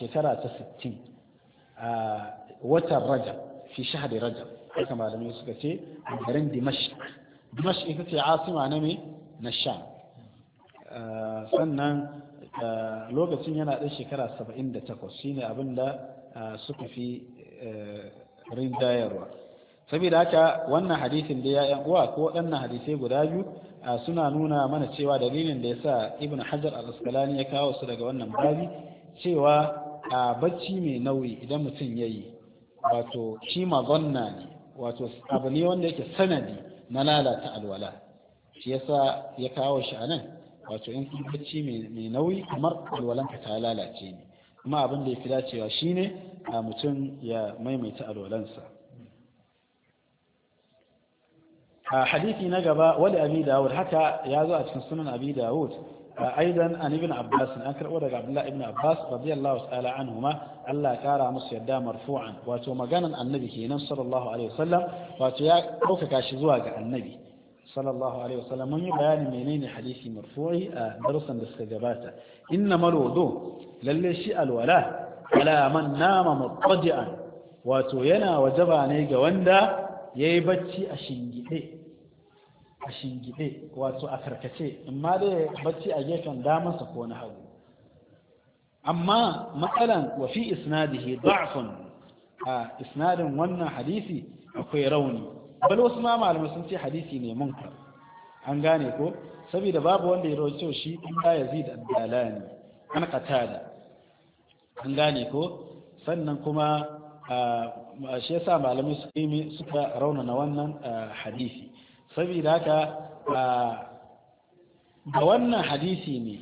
shekara ta 60 a watan rajab fi shahari rajab haka malamai suka ce garin dimashq dimash ita ce asima na me na sha. Eh, sannan eh, lokacin yana ɗan shekara 78 ne abin da eh, suka fi rindayarwa saboda haka wannan hadisin da ya yan uwa ko waɗannan hadisai guda biyu suna nuna mana cewa dalilin da ya sa ibn hajar al-asqalani ya kawo su daga wannan babi cewa a bacci mai nauyi idan mutum ya yi wato shi mazonna ne wato abu ne wanda yake sanadi na lalata alwala shi yasa ya kawo shi a nan wato in kun bacci mai nauyi kamar alwalanka ta lalace ne kuma abin da ya fi dacewa ne a mutum ya maimaita alwalansa a hadisi na gaba wani abi dawud haka ya zo a cikin sunan abi dawud aidan an ibn abbas an karbo daga abdullah ibn abbas radiyallahu ta'ala anhuma Allah kara musu yadda marfu'an wato maganan annabi kenan sallallahu alaihi wasallam wato ya ɗaukaka shi zuwa ga annabi sallallahu alaihi wasallam mun yi bayanin menene hadisi marfu'i a darussan da suka gabata inna marodo lalle shi alwala ala man nama mutqadi'an wato yana wajaba ne ga wanda yayi bacci a shingide a shingide wato a karkace in ma dai bacci a gefen damansa ko na hagu amma matsalan wa fi isnadihi da'fun a isnadin wannan hadisi akwai rauni bal wasu ma malamai sun ce hadisi ne munka an gane ko saboda babu wanda ya rawaito shi in ba Yazid ad-Dalani an qatada an gane ko sannan kuma shi yasa malamai suka rauna na wannan hadisi saboda haka ah, da wannan hadisi ne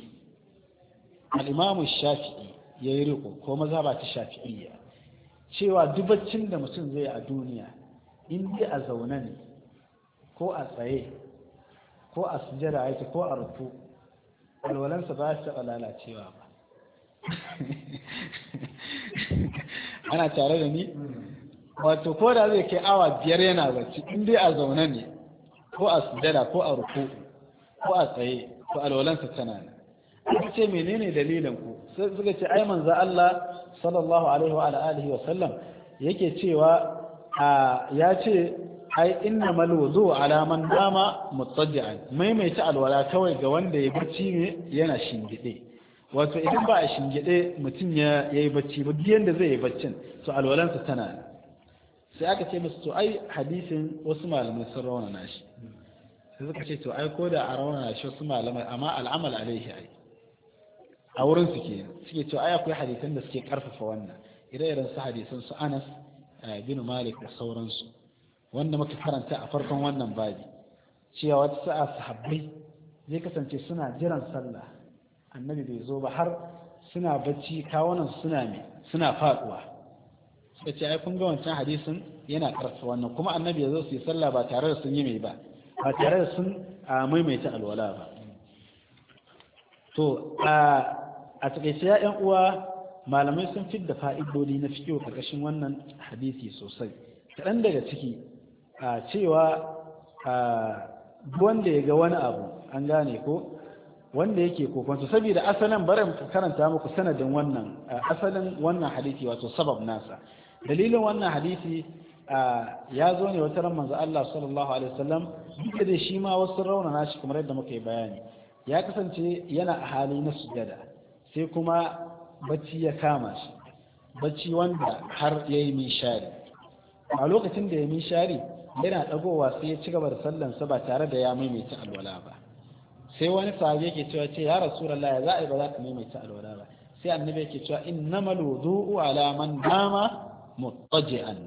al'imamu shafi'i ya yi riko ko ba ta shafi'iyya cewa dubaccin da mutum zai a duniya inda a zaune ne ko a tsaye ko a sujada aiki ko a rufu alwalansa ba su taɓa lalacewa ba (laughs) ana tare da ni mm. wato ko da zai kai awa biyar yana bacci inda a zaune ne ko a sujada ko a ruku ko a tsaye ko alwalansa tana ne aka ce menene dalilin ku sai suka ce ai manzo Allah sallallahu alaihi wa alihi wa sallam yake cewa ya ce ai inna mal wuzu ala man dama mutajji'an maimaita alwala kawai ga wanda ya barci ne yana shingide wato idan ba a shingide mutum ya yi bacci ba duk yanda zai yi baccin to alwalansa tana ne sai aka ce musu to ai hadisin wasu malamai sun raunana shi sai suka ce to ai ko da a raunana shi wasu malamai amma al'amal alaihi ai a wurin su ke suke to ai akwai hadisan da suke karfafa wannan ire-iren su hadisan su Anas eh, bin Malik da sauransu wanda muka karanta a farkon wannan babi cewa wata sa'a sahabbai zai kasance suna jiran sallah annabi bai zo ba har suna bacci kawunan suna me suna faduwa suka ce ai kun ga wancan hadisin yana karfa wannan kuma annabi ya zo su yi sallah ba tare da sun yi mai ba ba tare da sun maimaita alwala ba to a takaice ya yan uwa malamai sun fi da fa'idodi na fikiyo karkashin wannan hadisi sosai kaɗan daga ciki a cewa wanda ya ga wani abu an gane ko wanda yake kokonsu saboda asalin barin karanta muku sanadin wannan asalin wannan hadisi wato sabab nasa dalilin wannan hadisi ya zo ne wata ran manzo Allah sallallahu alaihi wasallam duka da shi ma wasu raunana shi kamar yadda muka yi bayani ya kasance yana a hali na sujada sai kuma bacci ya kama shi bacci wanda har ya yi mishari a lokacin da ya shari, yana ɗagowa sai ya ci gaba da sallansa ba tare da ya maimaita alwala ba sai wani sahabi yake cewa ce ya rasulullah ya za a yi ba za ka maimaita alwala ba sai annabi yake cewa innamal wudu'u ala man dama muttaji'an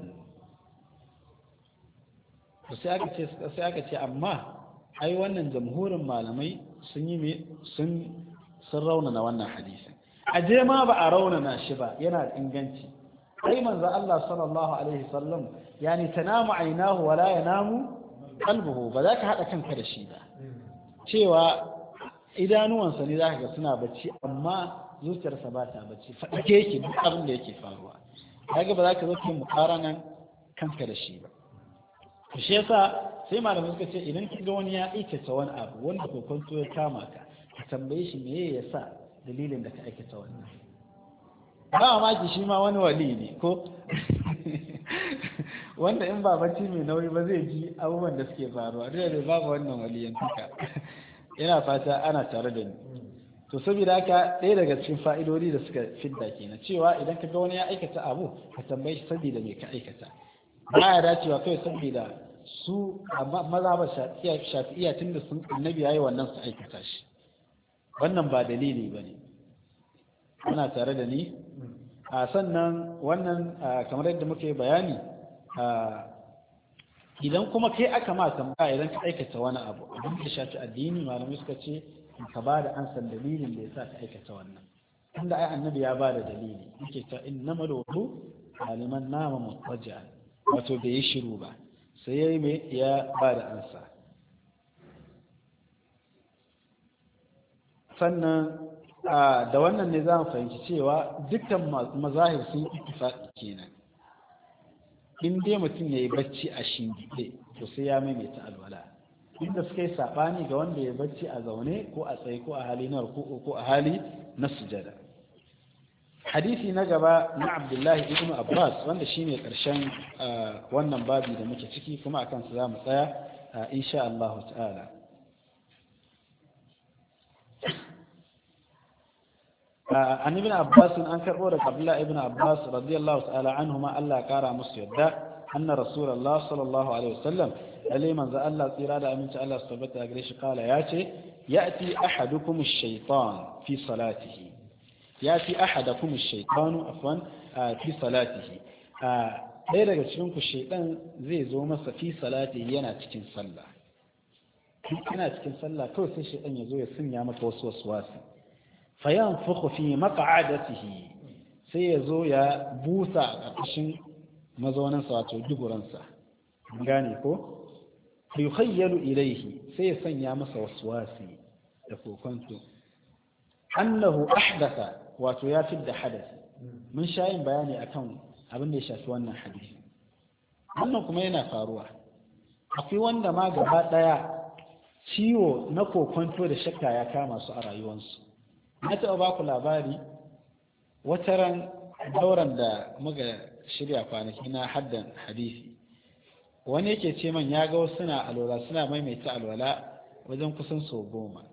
sai aka ce amma ai wannan jamhurin malamai sun yi sun sun raunana wannan hadisin je ma ba a raunana shi ba yana da inganci ai manzo Allah sallallahu alaihi wasallam yani tanamu ainahu wala yanamu qalbuhu ba za ka hada kanka da shi ba cewa idanuwansa ne zaka ga suna bacci amma zuciyarsa ba ta bacci fadake yake duk abin da yake faruwa haka ba za ka zo kin mukaranan kanka da shi ba ku shi yasa sai malamai suka ce idan kin ga wani ya aikata wani abu wanda kokonto ya kama ka ka tambaye shi me sa dalilin da ka aikata wannan ba mamaki shi ma wani wali ne ko (laughs) wanda in ba babanci mai nauyi ba zai ji abubuwan da suke faruwa dole da babu wannan yanzu ka (laughs) ina fata ana tare da ni to saboda haka ɗaya daga cikin fa'idodi da suka fidda kenan cewa idan ka ga wani ya aikata abu ka tambayi shi saboda me ka aikata ba ya dacewa kai saboda su maza ba iya tun da sun annabi yayi wannan su aikata shi wannan ba dalili ba ne ana tare da ni a sannan wannan kamar yadda muka yi bayani idan kuma kai aka ma tambaya idan ka aikata wani abu abin da shafi addini malamai suka ce ka ba da ansan dalilin da ya sa ka aikata wannan inda ai annabi ya ba da dalili yake ta innamal wudu aliman nama mutwaja wato bai yi shiru ba sai yayi me ya ba da ansa sannan da wannan ne za mu fahimci cewa dukkan mazahir sun ittifaqi kenan in dai mutum yi bacci a shingiɗe to sai ya maimaita alwala inda suka yi saɓani ga wanda ya bacci a zaune ko a tsaye ko a hali na ko a hali na sujada hadisi na gaba na abdullahi ibn abbas wanda shine karshen wannan babi da muke ciki kuma akan su za mu tsaya insha Allah ta'ala an ibn abbas an karbo da abdullahi ibn abbas radiyallahu ta'ala anhuma Allah ya kara musu yadda anna rasulullah sallallahu alaihi wasallam lalle manzo Allah tsira da aminci Allah su tabbata a gare shi kala ya ce ya'ti ahadukum ash-shaytan fi salatihi ya'ti ahadakum ash-shaytanu fi ɗaya daga cikin ku shaytan zai zo masa fi salatihi yana cikin sallah yana cikin sallah kawai sai shaytan ya zo ya sunya maka wasu waswasi fayanfukhu fi maq'adatihi sai ya zo ya busa a ƙarƙashin mazauninsa wato duburansa gane ko yukhayyalu ilaihi sai ya sanya masa waswasi da kokonto annahu ahdatha wato ya fidda hadas mun sha yin bayani akan abin da ya shafi wannan hadisi wannan kuma yana faruwa akwai wanda ma gaba daya ciwo na kokonto da shakka ya kama su a rayuwarsu na taɓa ba ku labari wataran dauran da muka shirya kwanaki na haddan hadisi wani yake ce man ya ga wasu suna alwala suna maimaita alwala wajen kusan sau goma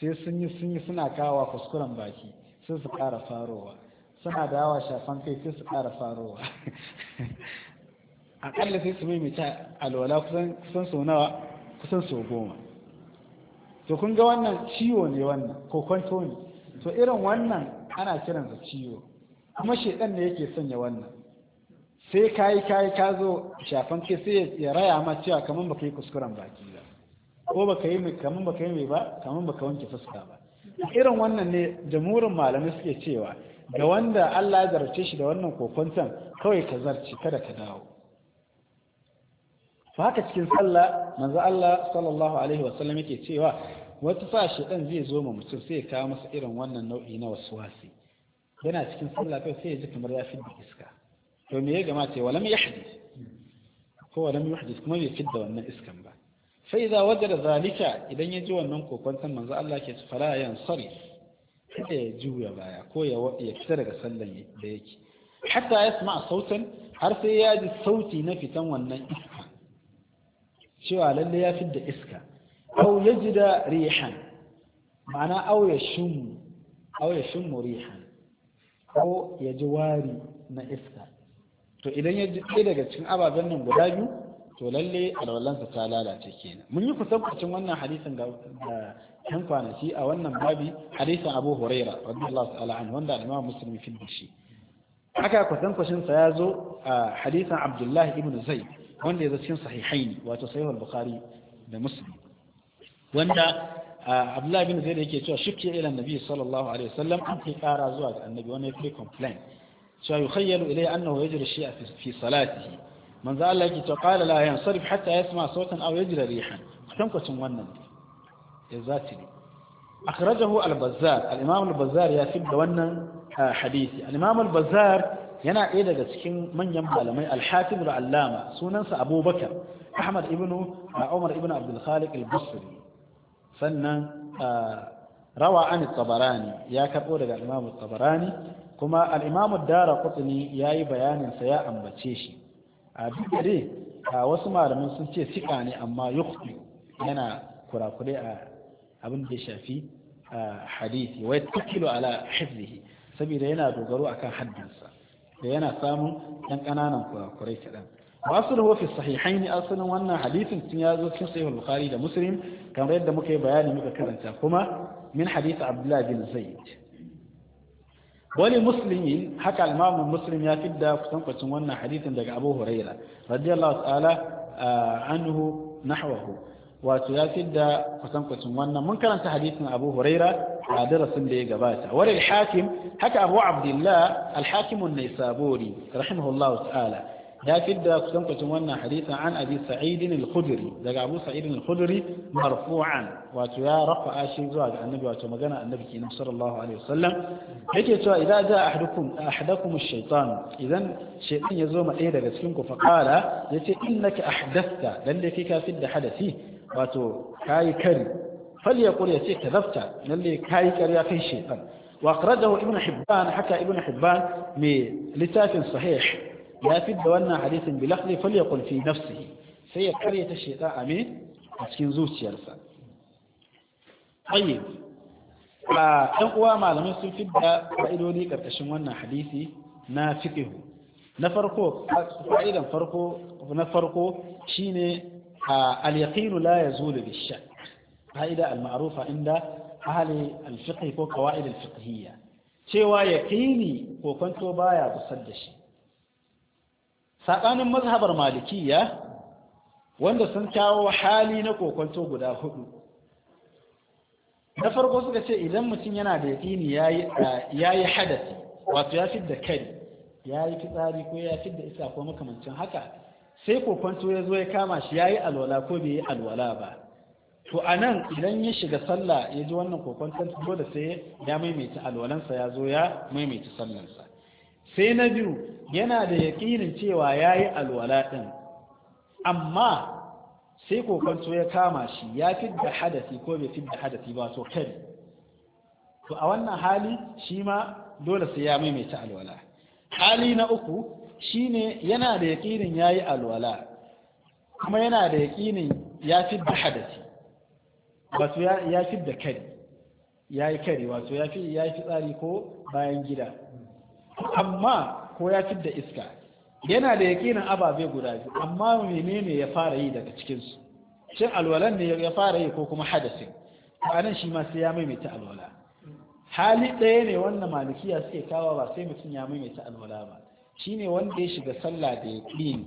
sai sun yi sun yi suna kawa kuskuren baki sai su kara farowa suna dawa shafan kai sai su kara farowa akalla (laughs) sai su maimaita alwala kusan sau nawa kusan so goma to kun ga wannan ciwo ne wannan ko kwanto ne to irin wannan ana kiransa ciwo kuma shaidan ne yake sanya wannan sai kayi kayi ka zo shafan ke sai ya raya ma cewa kaman baka yi kuskuren baki ba ko baka yi mai kaman baka yi mai ba kaman baka wanke fuska ba irin wannan ne jamurin malamai suke cewa da wanda Allah ya zarce shi da wannan kokonton kawai ka zarce kada ka dawo fa haka cikin sallah manzo Allah sallallahu alaihi wasallam yake cewa wata sa ɗan zai zo ma mutum sai ya kawo masa irin wannan nau'i na waswasi yana cikin sallah kai sai ya ji kamar ya fidda iska to me ya gama ce walam yahdi ko walam yahdi kuma bai fidda wannan iskan ba fa idza wajada zalika idan ya ji wannan kokwantan manzo Allah ke fara yansari kada ya juya baya ko ya fita daga sallan da yake hatta yasma sautan har sai ya ji sauti na fitan wannan iska cewa lalle ya fidda iska aw yajida rihan ma'ana aw yashum aw yashum rihan ko ya ji wari na iska to idan ya ji daga cikin ababen nan guda biyu to lalle alwalansa ta lalace kenan mun yi kusancin wannan hadisin ga yan kwanaki a wannan babi hadisin abu huraira radiyallahu ta'ala anhu wanda al-imam muslim fi aka haka kusancin sa ya zo a hadisin abdullah ibn zaid wanda ya zo cikin sahihaini wato saiwal al-bukhari da muslim wanda Ah, abdullahi bin zaid yake cewa shukki ila annabi sallallahu alaihi wasallam an kai kara zuwa ga annabi wani yake complain cewa yukhayyalu ilayhi annahu yajri shay'a fi salatihi manzo Allah yake cewa qala la yansarif hatta yasma sautan aw yajri rihan tankwacin wannan exactly akhrajahu al-bazzar al-imam al-bazzar ya fi da wannan ah, hadisi al-imam al-bazzar yana ɗaya daga cikin manyan malamai al-hafiz al-allama sunansa abubakar ahmad ibnu ah, umar ibnu abdul khaliq al-basri sannan rawa an tsabarani ya karɓo daga imamu tsabarani kuma al'imamu dara kutsuni ya yi bayanin sa ya ambace shi a duk dare, a wasu malamin sun ce sika ne amma yukhti yana kurakure a abin da ya shafi hadisi wai tukilu ala hizihi saboda yana dogaro akan haddinsa da yana samun ɗan ƙananan kurakurai kaɗan wasu da wafi sahihai ne asalin wannan hadithin sun ya zo cikin sahih bukhari da muslim kamar yadda muka yi bayani muka karanta kuma min hadisi abdullah bin zaid wani muslimin haka almamun muslim ya fidda kusankwacin wannan hadithin daga abu huraira radiyallahu ta'ala anhu nahwahu wato ya fidda kusankwacin wannan mun karanta hadithin abu huraira a darasin da ya gabata wani hakim haka abu abdullah alhakimun naisabori rahimahullahu ta'ala ya fidda kusan kwacin wannan hadisin an abi sa'idin al-khudri daga abu sa'idin al-khudri marfu'an wato ya rafa'a shi zuwa ga annabi wato magana annabi kenan sallallahu alaihi wasallam yake cewa idan ja ahadukum ahadakum ash-shaytan idan shaytan yazo ma ɗaya daga cikin ku fa qala yace innaka ahdatha lalle kai ka da hadasi wato kai kari falyaqul yace kadafta lalle kai kari ya kai shaytan واخرجه ابن حبان haka ibn حبان mai littafin صحيح ya fidda wannan hadisin bi lafzi falyaqul fi nafsihi sai ya karyata shaytan a me a cikin zuciyarsa tayyib a ɗan uwa malamai sun fidda fa'idodi karkashin wannan hadisi na fiqh na farko fa'idan farko na farko shine al-yaqinu la yazulu bi-shakk fa'ida al-ma'rufa inda ahli al-fiqh ko qawaid al-fiqhiyya cewa yaqini ko kwanto baya busar da shi saɓanin mazhabar malikiya wanda sun kawo hali na kokonto guda hudu na farko suka ce idan mutum yana da yaƙini ya yi hadasi wato ya fidda kari ya yi fitsari ko ya fidda isa ko makamancin haka sai kokonto ya zo ya kama shi ya yi alwala ko bai yi alwala ba to a nan idan ya shiga sallah ya ji wannan kokonton dole sai ya maimaita alwalansa ya zo ya maimaita sallansa sai na biyu yana da yaƙinin cewa ya yi alwala ɗin amma sai kokonto ya kama shi ya fi da hadasi ko bai fi da hadasi ba so kari to a wannan hali shi ma dole sai ya maimaita alwala hali na uku shi ne yana da yaƙinin ya yi alwala kuma yana da yaƙinin ya fi da hadasi wato ya fi da kari ya yi kari wato ya fi tsari ko bayan gida amma ko ya fidda iska yana da yaƙinin ababe guda biyu amma menene ya fara yi daga cikinsu shin alwalan ne ya fara yi ko kuma hadasin anan shi ma sai ya maimaita alwala hali ɗaya ne wannan malikiya suke kawo ba sai mutum ya maimaita alwala ba shine wanda ya shiga sallah da yaƙini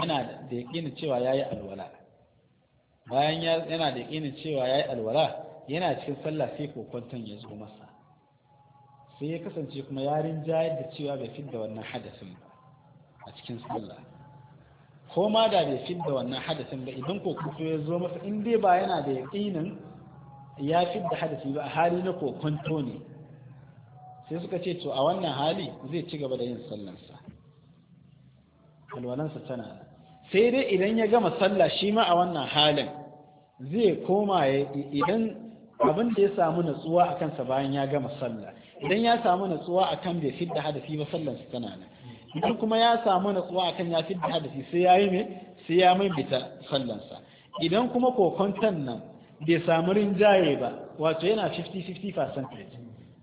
yana da cewa ya alwala bayan yana da yaƙinin cewa ya alwala yana cikin sallah sai kokwanton ya zo masa sai ya kasance kuma yarin jayar da cewa bai fidda wannan hadasin a cikin sallah ko ma da bai fidda wannan hadasin ba idan kokonto ya zo masa in dai ba yana da yaƙinin ya fidda hadasi ba a hali na kokonto ne sai suka ce to a wannan hali zai ci gaba da yin sallansa alwalansa tana sai dai idan ya gama sallah shi ma a wannan halin zai koma idan abin da ya samu natsuwa a kansa bayan ya gama sallah idan ya samu natsuwa akan bai fidda hadafi ba sallan su tana nan idan kuma ya samu natsuwa akan ya fidda hadafi sai ya yi mai sai ya bita sallan sa idan kuma kokonton nan bai samu rinjaye ba wato yana 50-50 percentage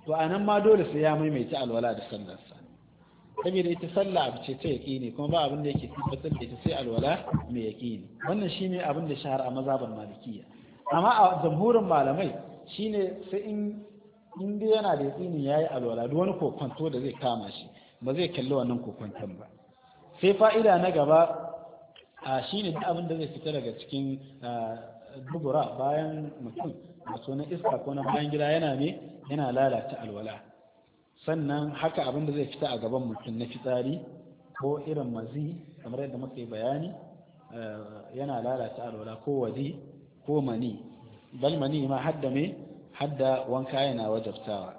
to a nan ma dole sai ya maimaita alwala da sallan sa saboda ita sallah abu ce ta ne kuma ba abin da yake tabbatar da ita sai alwala mai yaƙini wannan shine abin da shahara a mazabar malikiya amma a jamhurin malamai shine sai in in dai yana da ya yi alwala duk wani kokonto da zai kama shi ba zai kalli wannan kokonton ba sai fa'ida na gaba a shine duk abin da zai fita daga cikin dubura bayan mutum a na iska ko na bayan gida yana ne yana lalata alwala sannan haka abin da zai fita a gaban mutum na fitsari ko irin mazi kamar yadda muka yi bayani yana lalata alwala ko wadi, ko mani bal mani ma hadda me hadda wanka yana wajabtawa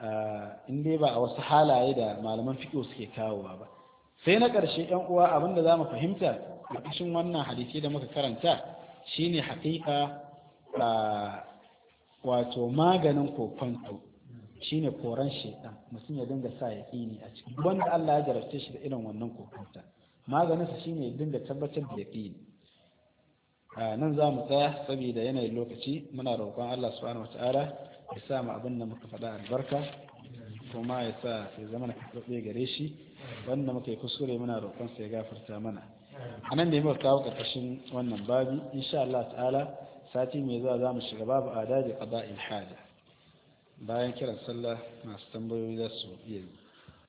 ah, in dai ba a wasu halaye da malaman fiƙo suke kawowa ba sai na ƙarshe yan uwa abin da za mu fahimta a ƙashin wannan hadisi da muka karanta shine haƙiƙa ah, wato maganin kokonto shine koran shaitan mutum ya dinga sa yaƙini a cikin wanda Allah ya jarabce shi da irin wannan kofanta, maganinsa shine ya dinga tabbatar da ƙini nan za mu tsaya saboda yanayin lokaci muna roƙon Allah subhanahu wata'ala ya sa mu abin da muka faɗa albarka kuma ya sa ya zama na karɓe gare shi wanda muka yi kuskure muna roƙon sa ya gafarta mana a nan da muka kawo ƙarƙashin wannan babi insha Allah ta'ala sati mai zuwa za mu shiga babu adaji qada'il haja bayan kiran sallah masu tambayoyi za su iya yi